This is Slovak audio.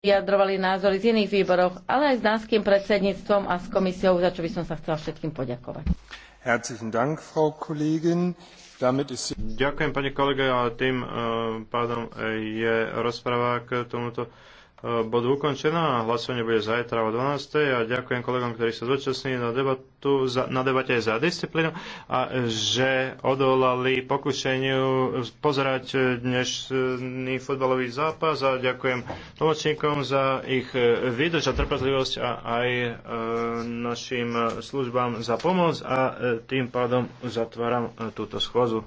vyjadrovali názory z iných výborov, ale aj s dánskym predsedníctvom a s komisiou, za čo by som sa chcela všetkým poďakovať. Ďakujem, pani kolega, a tým e, pádom e, je rozpráva k tomuto e, bodu ukončená a hlasovanie bude zajtra o 12. A ďakujem kolegom, ktorí sa zúčastnili na, debatu, za, na debate za disciplínu a že odolali pokušeniu pozerať dnešný futbalový zápas a ďakujem tlmočníkom za ich výdrž a trpezlivosť a aj našim službám za pomoc a tým pádom zatváram e, túto schôzu.